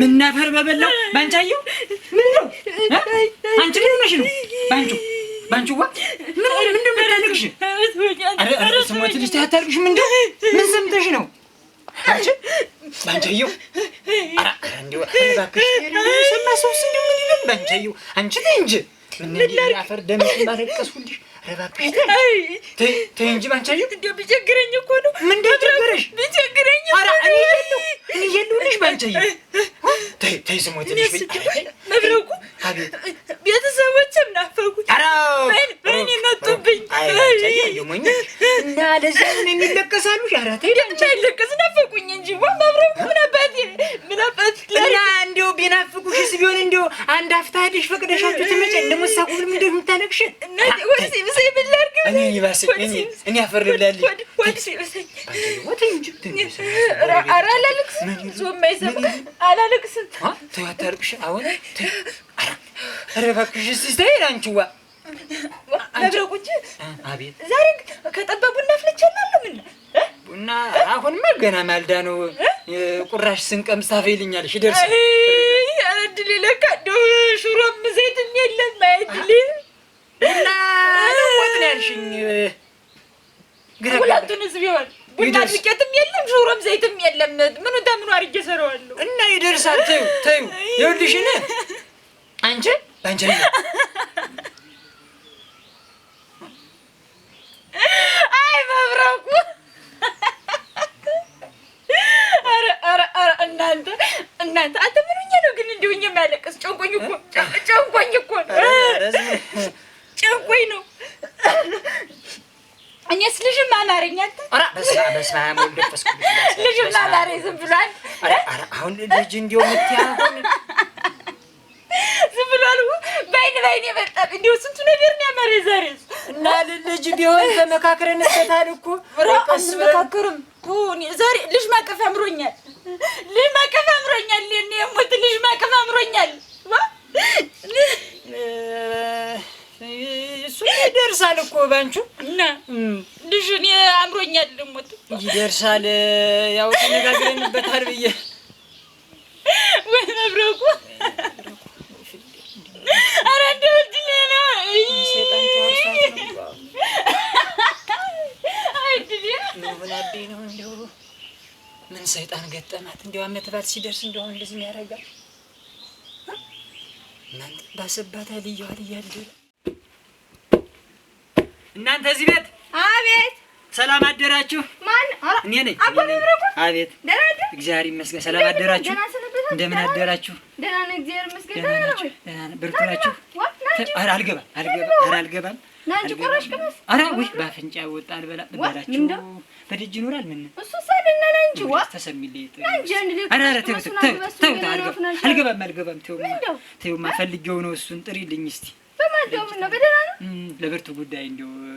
ምን ነበር በበላው ባንጫየው ምን ነው አንቺ ምን ሆነሽ ነው ባንጩ ባንጩ ምን ሆነ ምንድን ነው አረ አረ ስሞት ልጅ ታታልቅሽ ምን ሰምተሽ ነው አንቺ አረ አረ ሰማ ምን አንቺ እንጂ ምን ባንቻዩ ቢቸግረኝ እኮ ነው። ቢቸግረኝ? እኔ እየሉልሽ ባንቻዩ አይ ስሙ ትንሽ መብረቁ ቤተሰቦችም ናፈቁኝ። በእኔ መጡብኝ እና ለዚህ የሚለቀሳሉ? ይለቀስ ናፈቁኝ እንጂ መብረቁ ምን አባቴ ምን አባቴ እና እንዲያው ቢሆን እንዲያው አንድ አፍታ ሄደሽ ፈቅደሻችሁ ትመጪ እንደመሳቁልም እንደ የምታለቅሽ እኔ አፈር ልብላለሁ አላለቅስም አላለቅስም ተው አታርቅሽ። አሁን ኧረ እባክሽ እስኪ አንቺዋ መብረቁች አቤት፣ ዛሬ ከጠባ ቡና ፍልቼ እላለሁ። ምን ቡና? አሁንማ ገና ማልዳ ነው። ቁራሽ ስንቀምስ ታፈይልኛለሽ። ይደርሳል። እድሌ ለካ እንደው ሽሮም ዘይትም የለም። አይድል ቡና ወጥን ያልሽኝ ሁለቱን ህዝብ ይሆን ቡና ዘይትም የለም፣ ሹሮም ዘይትም የለም። ምኑ ተምኑ አድርጌ እሰራዋለሁ እና ይደርሳል። ተይው ተይው፣ ይኸውልሽ እኔ አንቺ አንቺ አይ መብረቁ እናንተ እናንተ አንተ ምኑኛ ነው ግን እንዲሁ እኛ የሚያለቅስ ጨንቆኝ እኮ ጨንቆኝ እኮ ልጅም አማረኛ ልጅም አማረ ዝም ብሏል። አሁን ልጅ እንዲሁ የምትያሆን ዝም ብሏል። በአይን በአይን የመጣብ እንዲሁ ስንቱ ነገር ነው ያማረ ዛሬ እና ልጅ ቢሆን በመካከረን እስከታል እኮ አንመካከርም። ዛሬ ልጅ ማቀፍ አምሮኛል። ልጅ ማቀፍ አምሮኛል። እኔ የሞት ልጅ ማቀፍ አምሮኛል። እሱ ይደርሳል እኮ ባንቹ ይደርሳል። ያው ተነጋግረንበታል ብዬ ወይ መብረቁ ምን ሰይጣን ገጠማት? እንዲያው አመት በዓል ሲደርስ እንደው እንደዚህ የሚያደርጋል። ማን ባሰባታ እያዋል እያለ እናንተ እዚህ ቤት አቤት ሰላም አደራችሁ። ማን? እኔ ነኝ። አቤት። እግዚአብሔር ይመስገን። ሰላም አደራችሁ። እንደምን አደራችሁ? ብርቱ ናችሁ? አልገባም፣ አልገባም፣ ኧረ አልገባም። ኧረ ውይ በአፍንጫ ወጣ አልበላ ብላችሁ በደጅ ይኖራል። ምን እሱ ሰልና ለንጂ ዋ አልገባም፣ አልገባም። ተይውማ ፈልጌው ነው እሱን ጥሪልኝ እስቲ። ለብርቱ ጉዳይ እንደው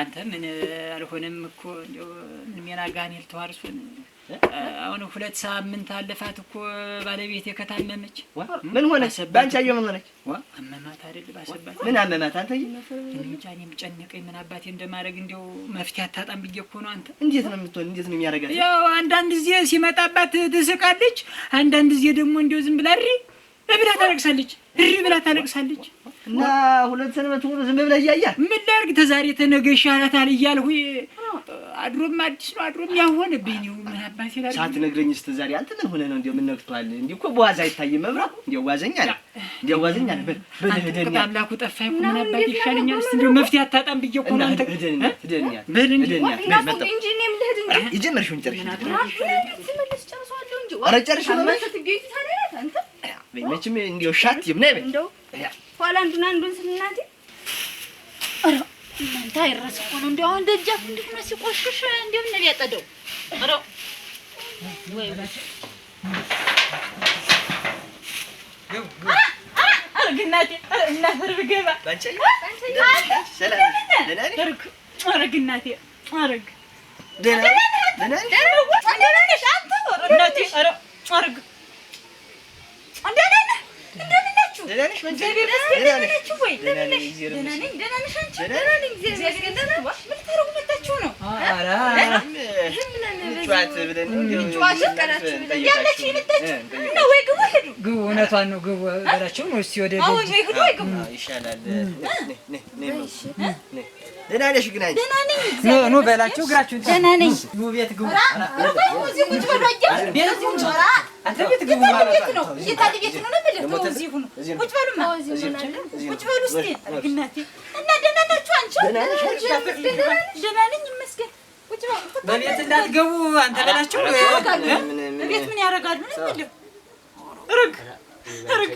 አንተ ምን አልሆነም እኮ ሜና ጋኔል ተዋርሱን አሁን ሁለት ሳምንት አለፋት እኮ ባለቤቴ ከታመመች። ምን ሆነች? በአንቻየ ምን ሆነች? አመማት አይደል? ባሰባት። ምን አመማት? አንተ እንጃ። እኔም ጨነቀኝ። ምን አባቴ እንደማድረግ እንዲያው መፍትሄ አታጣም ብዬ እኮ ነው። አንተ እንዴት ነው የምትሆን? እንዴት ነው የሚያደርጋት? ያው አንዳንድ ጊዜ ሲመጣባት ትስቃለች፣ አንዳንድ ጊዜ ደግሞ እንዲያው ዝም ብላ እሪ ብላ ታለቅሳለች፣ እሪ ብላ ታለቅሳለች። እና ሁለት ሰንበት ሙሉ ዝም ብለህ እያያል ምን ላድርግ ተዛሬ ተነገ ይሻላታል እያልሁ አድሮም አዲስ ነው አድሮም ያሆነብኝ ነው። ምን አባቴ ላድርግ ሳትነግረኝ እስከ ዛሬ አንተ ምን ሆነህ ነው? እንደው ምን ነክቷል? እንዲህ እኮ በዋዝ አይታይም መብራት። እንደው ዋዘኛ አለ እንደው ዋዘኛ ነህ። በልህ ደኛ አምላኩ ጠፋኝ እኮ ምን አባቴ ይሻለኛል? እስኪ እንደው መፍትሄ አታጣም ብዬሽ እኮ ነው። አንተ ደኛ ደኛ በል እንጂ እንጂ እኔም ልሂድ እንጂ የጀመርሽውን ጨርሽ ስመለስ ጨርሰዋለሁ እንጂ ነው መቼም እንደው ሻት ኋላ አንዱን አንዱን ስልናት ኧረ እናንተ አይረስ እኮ ነው። እንዲያው አሁን ደጃፍ እንዲሁ ነው ሲቆሽሽ እንዲሁ ነው ያጠደው። ኧረ ወይ እናቴ እናቴ ግቡ፣ እውነቷን ነው። ግቡ በላቸው ነው። እስኪ ወደ ይሻላል ደህና ነሽ ግን? አይ ኑ በላቸው። እግራችሁን ደህና ነኝ። ግቡ፣ ቤት ግቡ። በቤት እንዳትገቡ አንተ በላቸው። ቤት ምን ያደርጋሉ? ርግ ርግ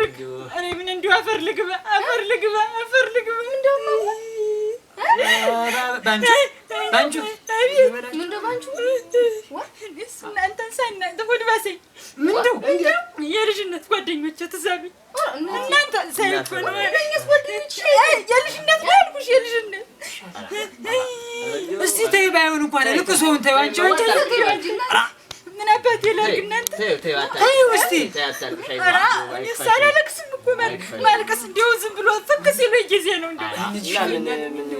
ርግ። እኔ ምን እንዲሁ አፈር ልግባ፣ አፈር ልግባ፣ አፈር ልግባ እንደው እናንተን የልጅነት ጓደኞች ትዝ አሉኝ። እናንተ የልጅነት ያልኩሽ የልጅነት እስቲ ተይ፣ ባይሆን እንኳን ልቅሶውን ተይው። አንቺ ምን አባቴ ላድርግ? እናንተ ተይው እስቲ። አላለቅስም እኮ ማልቀስ እንዲሁ ዝም ብሎ ፍቅ ሲሉኝ ጊዜ ነው እንዲ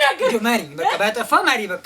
ማሪ በቃ ባጠፋ ማሪ በቃ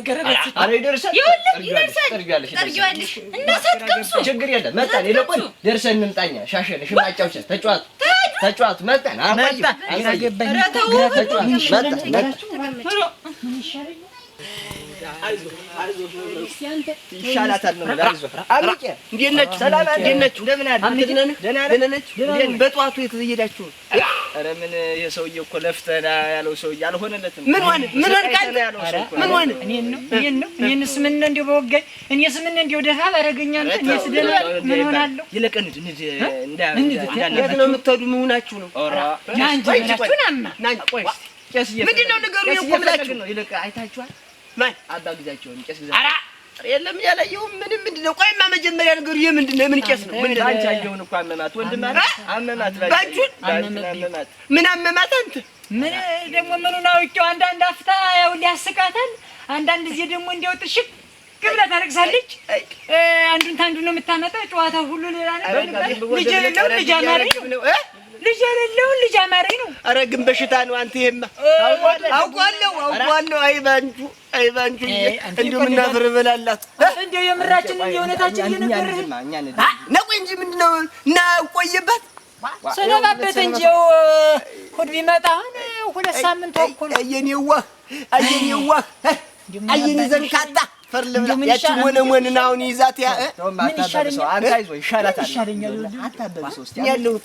ነገር ይደርሳል ችግር የለም። መጣን ይልቁን ደርሰን እንምጣኛ ሻሸን ሽማጫውችን ተጫዋት ተጫዋት መጣን ይሻላታል ነው አይዞህ። አሚቄ እንዴት ነች? ሰላም በጠዋቱ የት እየሄዳችሁ? ኧረ ምን የሰውዬ እኮ ለፍተና ያለው ሰውዬ አልሆነለትም። ምን ሆነ? ምን ሆነ? ምን ሆነ? እኔን ነው እኔን ነው እኔን እንደው በወጋኝ እኔ ስምነ እንደው ደሃ ባረገኛ ነው እኔ ስደላ ምን ሆናለሁ? ይለቀን እንድ እንድ እንዳ ነው የምትሄዱ? ምን ነው? ኧረ ና እንጂ ናማ ና ቆይ ምንድን ነው ነገሩ? የቆምላችሁ ነው ይለቀ አይታችኋል ማን አባ ግዛቸው ቄስ ግዛቸው? ኧረ የለም ያላየሁም ምንም። ምንድን ነው ቆይማ፣ መጀመሪያ ነገሩ የምንድን ነው? የምን ቄስ ነው? አንቺ አየሁን እኮ አመማት፣ ወንድም አመማት፣ ባጁን አመማት። ምን አመማት? አንተ ምን ደግሞ ምኑን አውቄው? አንዳንድ አፍታ ያው ሊያስቃታል፣ አንዳንድ ጊዜ ደግሞ እንዲያው ጥሽቅ ግብላ አንዱን ታንዱ ነው የምታመጣ ጨዋታው ሁሉ ሌላ ነው። ልጅ የሌለው ልጅ አማረኝ ልጅ የሌለውን ልጅ አማረኝ ነው። ኧረ ግን በሽታ ነው። አንተ ይሄማ አውቋለሁ አውቋለሁ። አይ በአንቺ አይ በአንቺ እንደው ምናፍር በላላት እንደው የምራችን የእውነታችን እየነገርህ ነቁ እንጂ ምንድን እና ቆየበት ሰነባበት እንጂ እሑድ ቢመጣ አሁን ሁለት ሳምንት ተኩል አየኔዋ አየኔዋ አየኔ ዘንካታ ፈርልብላ ያችን ሞነ አሁን ይዛት ምን ይሻለኛል? አንተ አይዞህ ይሻላታል። ያለሁት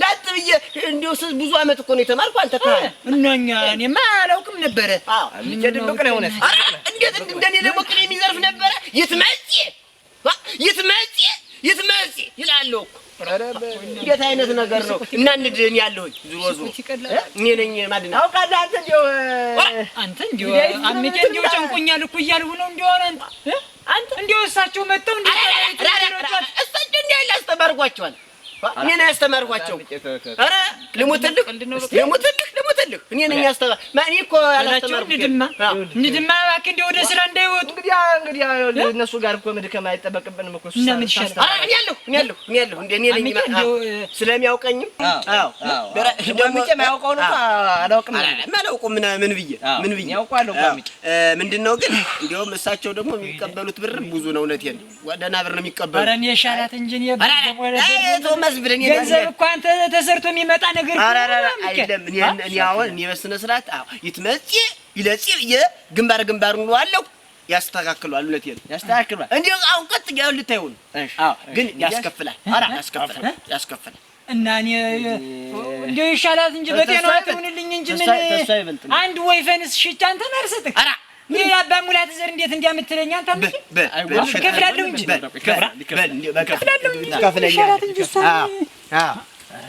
ላጥ ብዬ እንዲሁ ብዙ አመት እኮ ነው የተማርኩ። አንተ ካል እነኛ እኔማ አላውቅም ነበረ። ልጄ ድብቅ ነው እውነት። እንዴት እንደኔ ደግሞ ቅኔ የሚዘርፍ ነበረ። ይትመጽ ይትመጽ ይትመጽ ይላሉ እኮ እንዴት አይነት ነገር ነው? እና እንድን ያለሁኝ ዞሮ ዞሮ እኔ ነኝ ማድና አውቃለሁ። አንተ እንዲያው አንተ እንዲያው አምቄ እንዲያው ጨንቆኛል እኮ እያልሁ ነው እንዲያው አንተ እንዲያው እሳቸው መጥተው እንዲያው እሳቸው እንዲያው ያስተባርጓቸዋል ይሄን ያስተማርኳቸው። ኧረ ልሙትልህ ልሙትልህ አልፈልግ እኔ ነኝ ያስተባ ማን እኮ አላስተማርኩ ንድማ ንድማ እባክህ እንደው ወደ ስራ እንዳይወጡ። እንግዲህ እንግዲህ እነሱ ጋር እኮ መድከም አይጠበቅብንም እኮ እና ምን ይሻላል? አረ እኔ ያለሁ እኔ ያለሁ እኔ ያለሁ እንደ እኔ ነኝ ስለሚያውቀኝም አዎ ደምጬ ማያውቀው ነው አላውቅም ማላውቀው ምን ምን ብዬ ምን ብዬ ያውቀዋለሁ ቋሚጭ ምንድነው ግን እንደውም እሳቸው ደግሞ የሚቀበሉት ብር ብዙ ነው። እውነቴን ደህና ብር ነው የሚቀበሉት። አረ እኔ ሻላት እንጂ እኔ ብር ደግሞ ገንዘብ እኮ አንተ ተሰርቶ የሚመጣ ነገር አይደለም እኔ አሁን እኔ በስነ ስርዓት ይትመጽ ይለጽ ብዬ ግንባር ግንባር ነው አለው ያስተካክሏል ሁለት ይል ያስተካክሏል። እንዴ አሁን ቀጥ ያው ልታዩ ነው። አዎ ግን ያስከፍላል። አራ ያስከፍላል፣ ያስከፍላል እና እኔ እንዴ ይሻላት እንጂ በጤናዋ አትሁንልኝ እንጂ ምን አንድ ወይፈንስ ሽጫ አንተን አልሰጥህ። አራ ምን ያባ ሙላት ዘር እንዴት እንዲያምትለኝ አንተ አምጪ እከፍላለሁ እንጂ እከፍላለሁ እንጂ ይሻላት እንጂ እሷ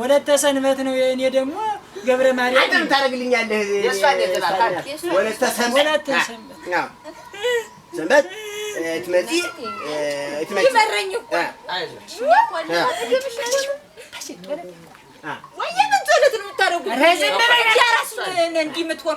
ሁለተ ሰንበት ነው የእኔ ደግሞ ገብረ ማርያም አንተም ታደርግልኛለህ። የእሷ እንዴት እባክህ ሁለተ ሰንበት ሰንበት እትመጪ እትመጪ ይመረኝ እኮ ወይዬ ምን ቶሎት ነው የምታደርጉት? ዝም በይ እንዲህ የምትሆኑ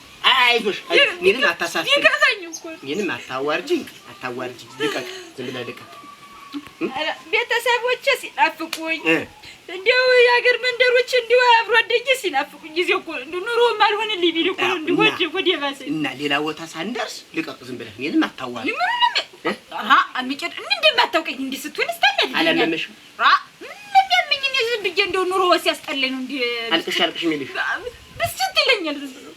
አይዞሽ፣ ምንም አታሳፍሪ፣ ምንም አታዋርጂኝ፣ አታዋርጂኝ። ልቀቅ፣ ዝም ብለህ ልቀቅ። ቤተሰቦቼ ሲናፍቁኝ እንዲያው የሀገር መንደሮች እንዲያው አብሮ አደጌ ሲናፍቁኝ ጊዜ እኮ እንዲያው ኑሮ አልሆንልኝ ቢል እኮ እንዲያው ወደ ወደ ባሰ እና ሌላ ቦታ ሳንደርስ ልቀቅ፣ ዝም ብለህ ምንም አታዋርጂኝ። አሃ አሚጨድ እንደማታውቀኝ እንዲህ ስትሆን ስታለልኝ አላመመሽም? አ ምንም ያመኝ ዝም ብዬሽ እንዲያው ኑሮ ሲያስጠላኝ ነው። እንዲህ አልቅሽ አልቅሽ የሚልሽ ብስት ይለኛል። ዝም ብሎ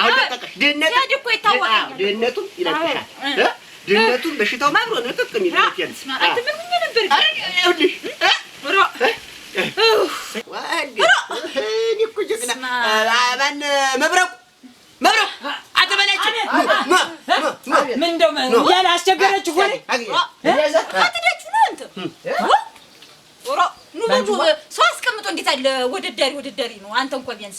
አሁን ለቀቀሽ። ድህነት እኮ ይታወቃል። ድህነቱም ይለቅሻል። ድህነቱም በሽታው አብሮ ነው። ጥቅም ይለቅያልስ መብረቁ መብረቁ አትበላችሁ። ሰው አስቀምጦ እንዴት አለ ወደዳሪ ወደዳሪ ነው። አንተ እንኳ ቢያንስ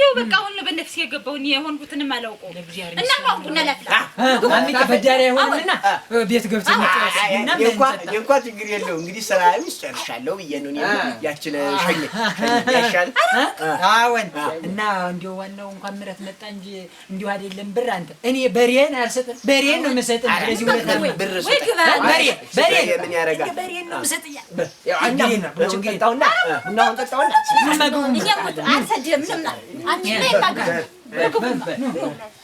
ይኸው በቃ አሁን ነው የገባውን የሆንኩትንም አላውቀውም። እና አሁን ቡና ላፍላ ዋናው እንኳን ምረት መጣ እንጂ እንዲሁ አይደለም። ብር አንተ እኔ በሬን አልሰጥም፣ በሬን ነው የምሰጥህ። ምን あっちで書く。